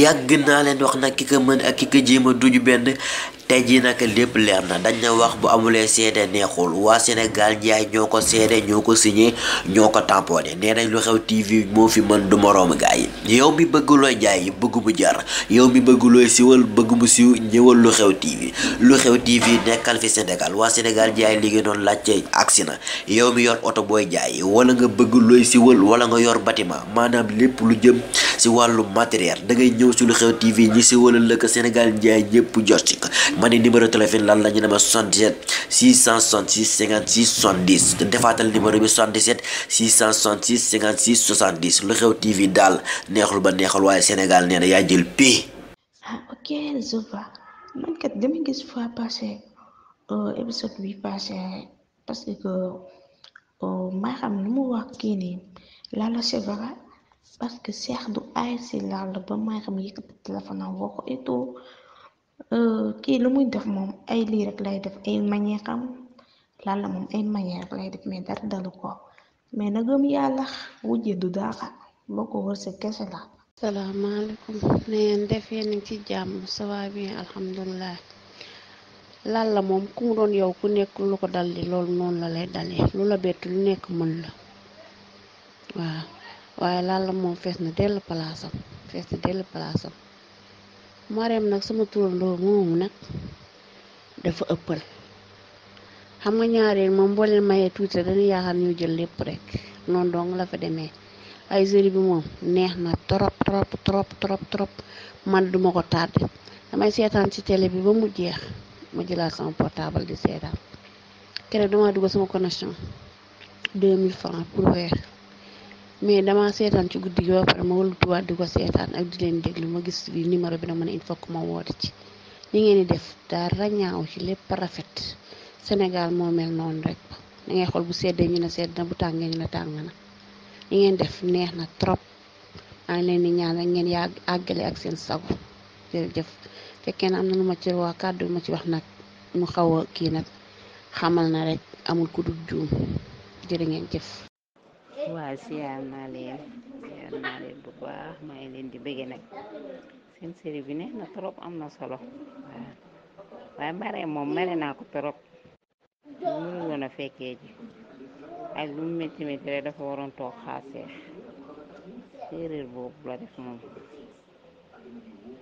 yàgg naa leen wax nag ki ko mën ak ki ko jéem a duñu benn tey jii lépp leer na dañ na wax bu amulee seede neexul waa Sénégal njaay ñoo ko seede ñoo ko signé ñoo ko tamponné nee nañ lu xew TV moo fi mën du moroom gaa yi yow mi bëgg looy jaay bëgg mu jar yow mi bëgg siwal bëgg mu siw ñëwal lu xew TV lu xew TV nekkal fi Sénégal waa Sénégal njaay liggéey noonu laajte agsi na yow mi yor oto booy jaay wala nga bëgg looy siwal wala nga yor bâtiment maanaam lépp lu jëm si wàllu matériel da ngay ñëw si lu xew TV ñi siwalal la ko Sénégal njaay ñëpp jot si ma ne numéro téléphone lan la ñu ne ma 77 666 56 70 te defaatal numéro bi 77 666 56 70 lu xew TV daal neexul ba neexul waaye Sénégal nee na yaa jël pay. ah ok Zoufa man kat dama gis fois passé euh, épisode bi passé parce que euh, maa xam nu mu wax kii nii Lalla Chevara parce que Cheikh du aay si Lalla ba maa xam yëkkati téléphone am woo ko kii lu muy def moom ay lii rek lay def ay manière xam lan la moom ay manière rek lay def mais dara dalu ko mais na gëm yàlla wujje du daaxa boo ko wër kese la salaamaaleykum na ngeen def yéen ci jàmm ça va bien alhamdulilah lan la moom ku mu doon yow ku nekk lu ko daldi di loolu noonu la lay dale lu la bett lu nekk mën la waaw waaye lan la moom fees na dell palaasam fees na dell palaasam Marème nag sama turandoo moomu nag dafa ëppal xam nga ñaareel moom boo leen mayee tuuti rek dañuy yaakaar ñu jël lépp rek noonu dong la fa demee ay série bi moom neex na trop trop trop trop man duma ko tardé damay seetaan ci télé bi ba mu jeex ma jëlaat sama portable di seetaan keroog dama dugg sama connexion 2000 francs pour weer. mais dama seetaan ci guddi gi pare ma wëlbatiwaat di ko seetaan ak di leen déglu ma gis li numéro bi na mën a il faut ma woote ci ni ngeen di def dara ñaaw ci lépp rafet Sénégal moo mel noonu rek da ngay xool bu seddee ñu ne sedd na bu tàngee ñu ne tàng na li ngeen def neex na trop maa leen di ñaanal ngeen yaa àggale ak seen sago jërëjëf fekkee na am na lu ma ci waa kàddu ma ci wax nag mu xaw a kii nag xamal na rek amul ku dul juum jërë ngeen jëf waaw siyaar naa leen siyaar naa leen bu baax maa leen di bëggee nag seen série bi neex na trop am na solo waaw waaye Marème moom mere naa ko trop mënu woon a fekkee ji ak lu mu métti métti rek dafa waroon toog xaaseex séeréer boobu la def moom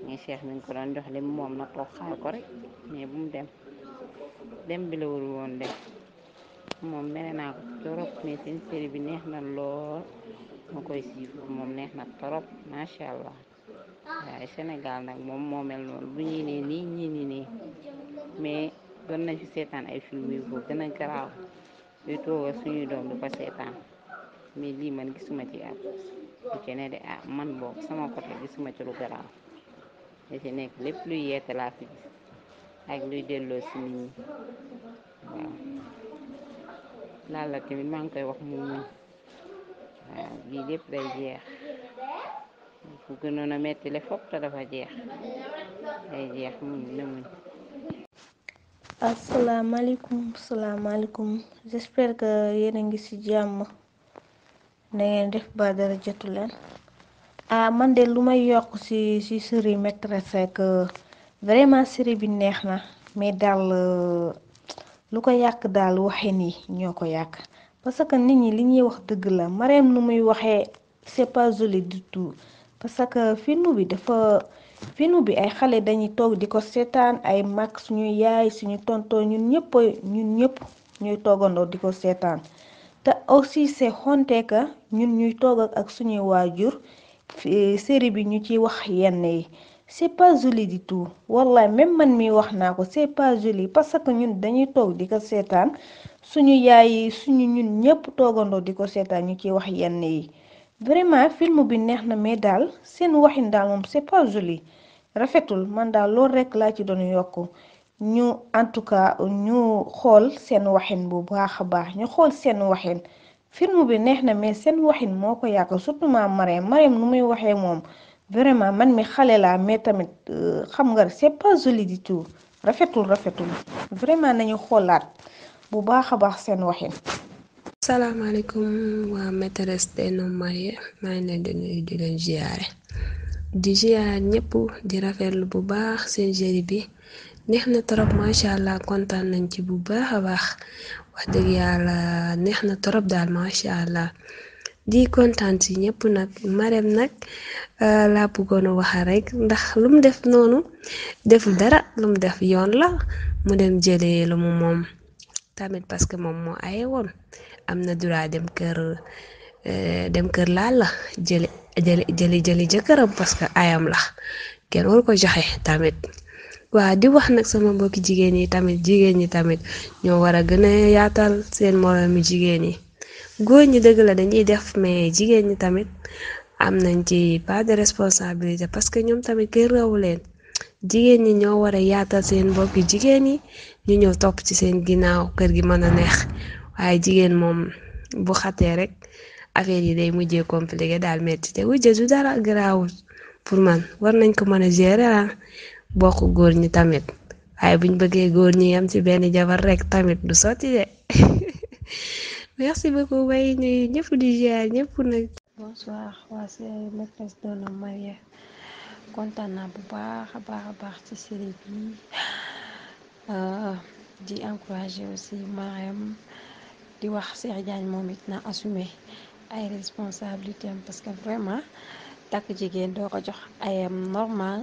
mi ngi ko doon jox moom na toog xaar rek mais bu dem dem bi woon dem moom mere naa ko torop mais seen série bi neex na lool ma koy suivre moom neex na torop macha allah waaye Sénégal nag moom moo mel noonu bu ñii nii ñii ni nii mais doon nañ fi seetaan ay film yu ko gën a garaaw yu tooga suñuy doom du ko seetaan mais lii man gisuma ci ab lu ci ne de ah man boog sama côté gisuma ci lu garaaw ci nekk lépp luy yeete laa fi gis ak luy delloo si nit ñi waaw laal la tamit maa ngi koy wax mu muñ waaw lii lépp day jeex ku gënoon metti le fop te dafa jeex day jeex muñ na muñ que yéen a ngi ci jàmm na def ba dara jotu leen ah man de lu may yokk ci ci série maîtresse vraiment série bi neex na mais daal euh, lu ko yàq daal waxin yi ñoo ko yàq parce que nit ñi li ñuy wax dëgg la Marème nu muy waxee c'est pas joli du tout parce que film bi dafa film bi ay xale dañuy toog di ko seetaan ay mag suñuy yaay suñu tontoo ñun ñëpp ñun ñëpp ñuy toggandoo di ko seetaan te aussi c'est honte que ñun ñuy toog ak suñuy waajur série bi ñu ci wax yenn yi c'est pas joli di tout wallaay même man mi wax naa ko c'est pas joli parce que ñun dañuy toog di ko seetaan suñu yaay yi suñu ñun ñëpp toogandoo di ko seetaan ñu ciy wax yenn yi vraiment film bi neex na mais daal seen waxin daal moom c'est pas joli rafetul man daal loolu rek laa ci doon yokk ñu en tout cas ñu xool seen waxin bu baax a baax ñu xool seen waxin film bi neex na mais seen waxin moo ko yàq surtout ma Marème Marème nu muy waxee moom. vraiment man mi xale laa mais tamit euh, xam nga c'est pas joli du tout rafetul rafetul vraiment nañu xoolaat bu baax a baax seen waxin. salaamaaleykum waa maîtresse d'un homme marié maa ngi leen di nuyu di di ziare ñëpp di rafetlu bu baax seen série bi neex na trop macha allah kontaan nañ ci bu baax a baax wax dëgg yàlla neex na trop daal macha allah. di kontaan yi ñëpp nag Marème nag euh, laa bëggoon a waxa rek ndax lu def noonu deful dara lu mu def yoon la mu dem jëlee lu mu moom tamit parce que moom moo aye woon am na droit dem kër euh, dem kër laal la jëli jëli jëli jëli jëkkëram parce que ayam la kenn waru ko joxe tamit waa di wax nag sama mbokki jigéen yi tamit jigéen ñi tamit ñoo war a gën a yaatal seen moroomi jigéen yi góor ñi dëgg la dañuy def mais jigéen ñi tamit am nañ ci pas de responsabilité parce que ñoom tamit kenn rawu leen jigéen ñi ñoo war a yaatal seen boppi jigéen ñi ñu ñëw topp ci seen ginnaaw kër gi mën a neex waaye jigéen moom bu xatee rek affaire yi day mujjee compliqué daal metti te wujje du dara garaawul pour man war nañ ko mën a gérer ah, bokk góor ñi tamit waaye buñ bëggee góor ñi yam ci benn jabar rek tamit du sotti de merci beaucoup bay nuyu ñëpp di ziar ñëpp nag. bonsoir waa série maîtresse d'un homme marié kontaan naa bu baax a baax a baax ci série bi ah, di encourager aussi Marème di wax Cheikh Diagne moom it na assumer ay responsabilité am parce que vraiment takk jigéen doo ko jox ayam normal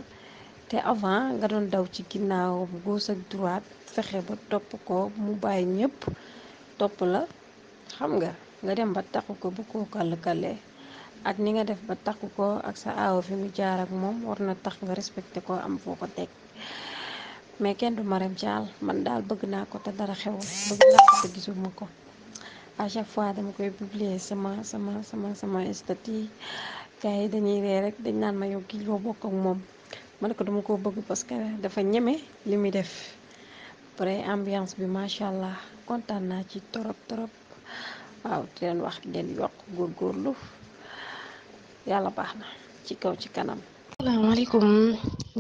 te avant nga doon daw ci ginnaaw gauche ak droite fexe ba topp ko mu bàyyi ñëpp topp la. xam nga nga dem ba takku ko bu ko kàll ak ni nga def ba takku ko ak sa aawo fi mu jaar ak moom war na tax nga respecté ko am foo ko teg mais kenn du Marème Thial man daal bëgg naa ko te dara xew bëgg naa ko te chaque fois dama koy publier sama sama sama sama statut yi dañuy ree rek dañ naan ma yow kii loo bokk ak moom ma ne ko duma ko bëgg parce que dafa ñeme li muy def après ambiance bi macha allah kontaan naa ci torop torop waaw di wax ngeen yokk góorgóorlu yàlla baax na ci kaw ci kanam. asalaamaaleykum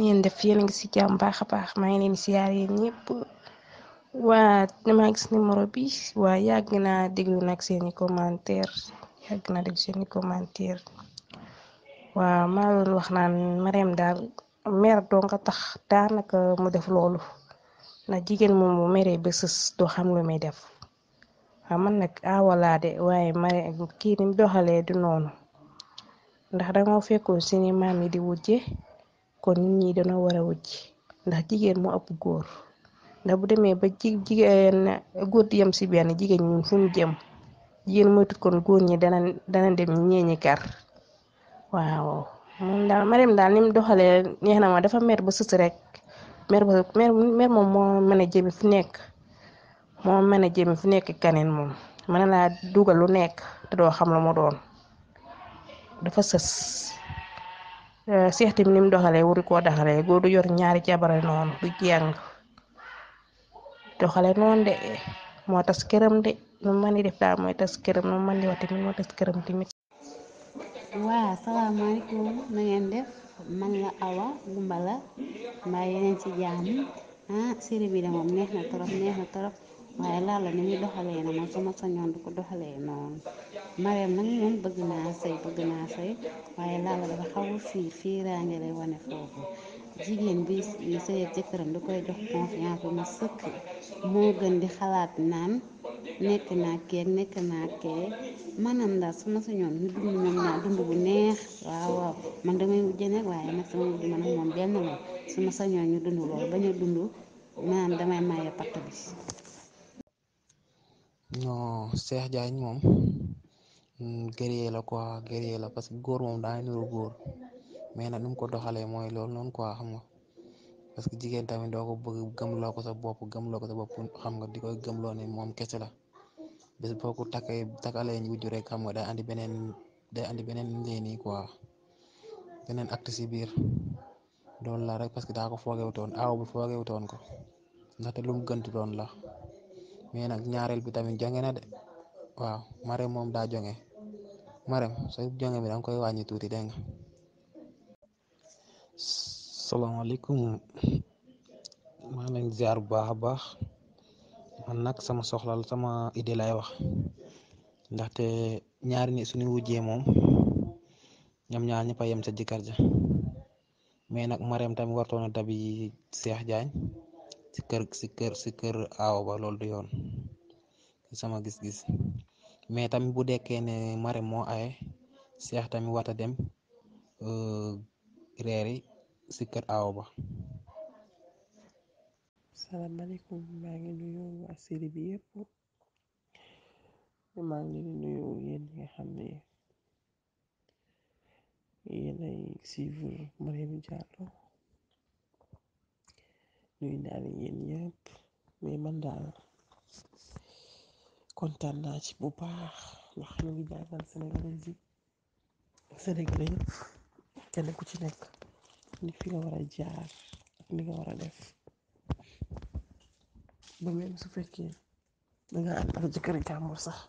ñu def yéen a ngi si jàmm baax a baax maa ngi leen siyaar yéen ñëpp waa damaa numéro bi waa yàgg naa déglu nag seeni commentaire yàgg naa déglu seeni commentaire waa maa loolu wax naan Marème daal mer doo nga tax daanaka mu def loolu na jigéen moom bu meree ba sës doo xam lu muy def. waaw man nag awalaade waaye mari kii nim doxalee du noonu ndax dangoo fekkoon seeni maam yi di wujje kon nit ñi dana war a wujj ndax jigéen moo ëpp góor ndax bu demee ba ji jigéen góor di yem si benn jigéen ñun fu jëm jigéen mooy tut kon góor ñi dana dana dem ñeeñi kar waaw moom daal Mariam daal ni mu doxalee neex na ma dafa mer ba sës rek mer ba moom moo mën a jëmi fu nekk moom manager mi fu nekk kanin moom mën na dugal lu nekk te doo xam la mu doon dafa sës eh, seex tamit ni mu doxalee wuri koo doxalee góor yor ñaari jabare noonu du jàng doxale noonu de moo tas këram de nu man def daal mooy tas këram nu man di wax tamit moo waa salaamaaleykum na ngeen def man la awa gumbala mbaa yeneen ci jàmm ah moom neex na torop waaye Lalla ni muy doxalee na man sama sañoon du ko doxalee noonu Mariam moom bëgg naa sëy bëgg naa sëy waaye Lalla dafa xaw fii fii bi sëy ak jëkkëram koy jox confiance ma sëkk moo gën di xalaat naan nekk naa kee nekk naa kee maanaam daal sama sañoon ñu ñoom bu neex waaw man damay wujje nag waaye nag sama ñu dund loolu bañ a dund maanaam damay maye patt non Cheikh Diagne moom mm, guerrier la quoi guerrier la parce que góor moom daa niru góor mais nag nu mu ko doxalee mooy loolu noonu quoi xam nga parce que jigéen tamit doo ko bëgg gëmloo ko sa bopp gëmloo ko sa bopp xam nga di koy gëmloo ne moom kese la bés boo ko takkee takkalee rek xam nga day andi beneen day andi beneen lii nii quoi beneen acte si biir loolu la rek parce que daa ko foogewutoon aaw bi foogewutoon ko ndaxte lu mu gëntu la. mais nag ñaareel bi tamit jonge na de waaw Marème moom daa jonge Marème sa jonge bi danga koy wàññi tuuti dégg nga. salaamaaleykum maa bu baax a baax nag sama soxla sama idée lay wax ndaxte ñaari nit suñu wujjee moom ñoom ñaar ñëpp yem sa ja mais nag Marème tamit wartoona dabi Cheikh Diagne si kër si kër si du yoon sama gis-gis mais tamit bu dekkee ne Marème moo aye seex tamit wata dem euh, reeri si kër aaw ba. salaamaaleykum maa ngi nuyu waa série yëpp maa ngi nuyu naa leen yéen ñëpp mais man daal kontaan naa ci bu baax ndax ñu ngi jàngal sénégalais yi sénégalais yëpp kenn ku ci nekk ni fi nga war a jaar ak nga war a def ba même su fekkee da nga ànd ak sax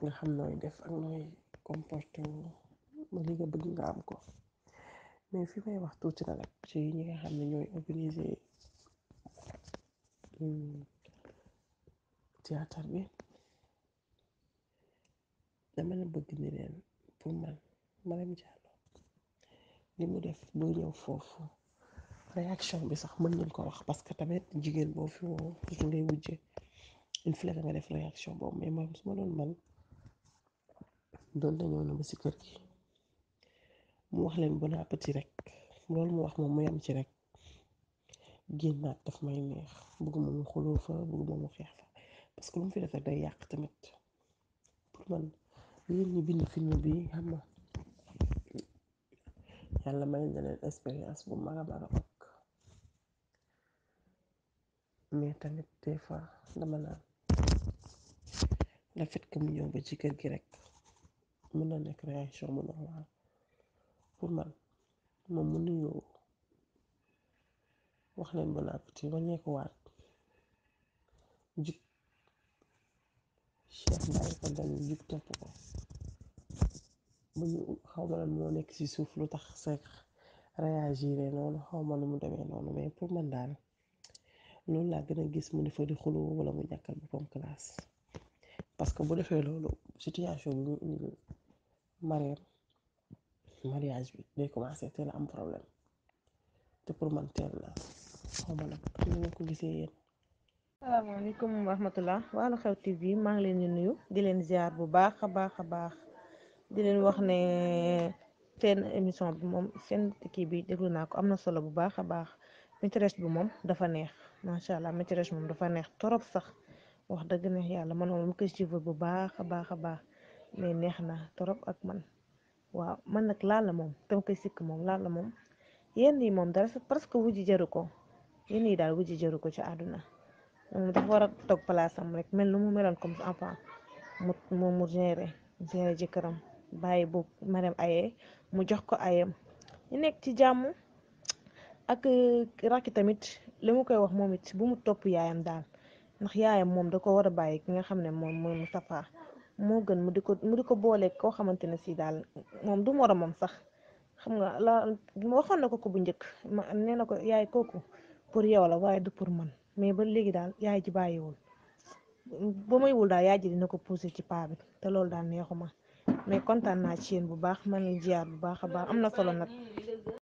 nga xam nooy def ak nooy comporté ba li nga bëgg nga am ko. mais fi may wax tuuti na nag ci ñi nga xam ne ñooy organiser hmm, théâtre bi dama la bëgg ni leen pour man Marième Diallo li mu def boo ñëw foofu réaction bi sax mën nañ ko wax parce que tamit jigéen boo fi woo su ngay wujje il faut nga def réaction boobu mais moom ma doon man doon nañoo na ba si kër gi mu wax leen bon appétit rek loolu mu wax moom muy am ci rek génnaat daf may neex bëgguma mu xuloo fa bëgguma mu xeex fa parce que lu mu fi def day yàq tamit pour man yéen ñi bind bi xam nga yàlla may bu mag a tamit des fois dama ba ci kër gi rek mën na nekk réaction bu normal pour man moom mu nuyoo wax leen bon appétit ba ñeeku waat jug Cheikh bàyyi ko dem jug topp ko bu ñu xaw ma lan moo nekk ci suuf lu tax Seck réagir noonu xaw ma nu mu demee noonu mais pour man daal loolu laa gën a gis mu defa di xuloo wala mu ñàkkal boppam classe parce que bu defee loolu situation bi mariage bi day commencé teel a am problème te pour man teel na xaw nag ni ko gisee yéen. salaamaaleykum wa rahmatulah waalo Lu Xew TV maa ngi leen di nuyu di leen ziar bu baax a baax a baax di leen wax ne seen émission bi moom seen kii bi déglu naa ko am na solo bu baax a baax maîtresse bi moom dafa neex macha allah maîtresse moom dafa neex trop sax wax dëgg neex yàlla man moom mu koy suivre bu baax a baax a baax mais neex na torop ak man. waaw man nag laal la moom dama koy sikk moom laal la moom yenn yi moom dara parce que wujji jaru ko yenn yi daal wujji jaru ko ci àdduna moom dafa war a toog rek mel nu mu meloon comme enfant mu mu mu géré géré jëkkëram bàyyi bu marem ayee mu jox ko ayam ñu nekk ci jàmm ak euh, rakki tamit li mu koy wax moom it bu mu topp yaayam daal ndax yaayam moom da ko war a bàyyi ki nga xam ne moom mooy Moustapha moo gën mu di ko mu di ko booleek koo xamante ne sii daal moom du moom sax xam nga la waxoon na ko ko bu njëkk ma nee na ko yaay kooku pour yow la waaye du pour man mais ba léegi daal yaay ji bàyyiwul ba maywul daal yaay ji dina ko poussé ci paa bi te loolu daal ma mais kontaan naa ci yéen bu baax ma ngi jiyaat bu baax a baax am na solo nag.